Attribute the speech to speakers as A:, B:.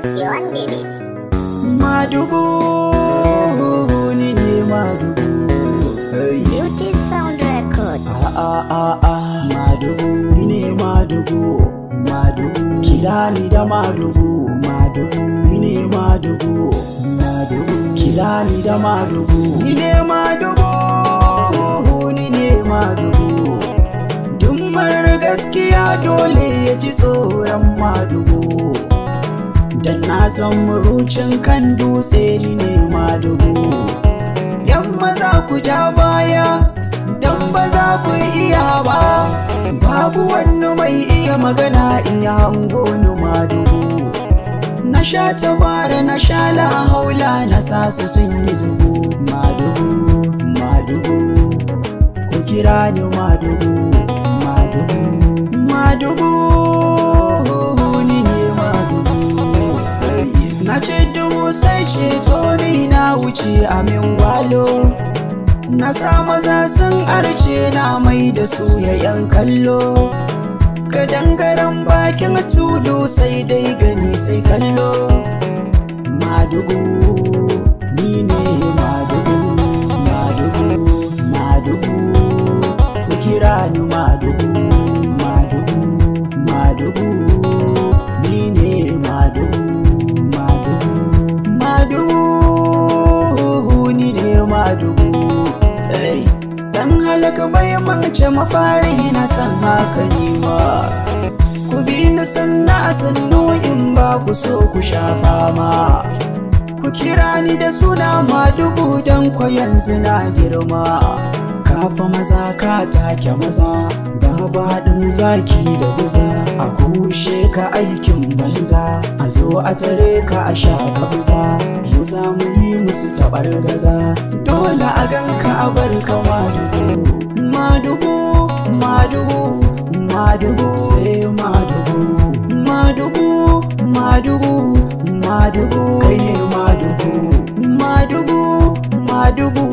A: Madugu ni ne Madugu Beauty Sound Record ah, ah, ah, ah. Madugu ni ne Madugu Madugu kilani da Madugu Madugu ni ne Madugu Madugu kilani da Madugu Ni ne Madugu Ni ne Madugu Dummar gaskiya dole ya tsoron Madugu da na san murucin kan dutse ni ne dubu. yan maza ku ja baya dan ba za ku iya ba babu wani mai iya magana in ya hango ni dubu. na sha tabara na sha lahaula na sasu sun yi ma dubu ma dubu ku kira ni ma ma dubu dubu ma dubu. amin walo na sa maza sun arce na mai da soyayyen kallo ka bakin tulu sai dai gani sai kallo ka bai mance mafari na san haka nima ku bi ni sanna a sannu in ba ku so ku shafa ma. ku kira ni da suna ma dubu don ku yanzu na girma kafa maza ka take maza gabaɗin zaki da guza a kushe ka aikin banza a zo a tare ka a sha gabza mu za mu yi musu taɓar gaza dole a ganka a bar kama dubu madugu madugu madugu sai madugu madugu madugu madugu kai ne madugu madugu madugu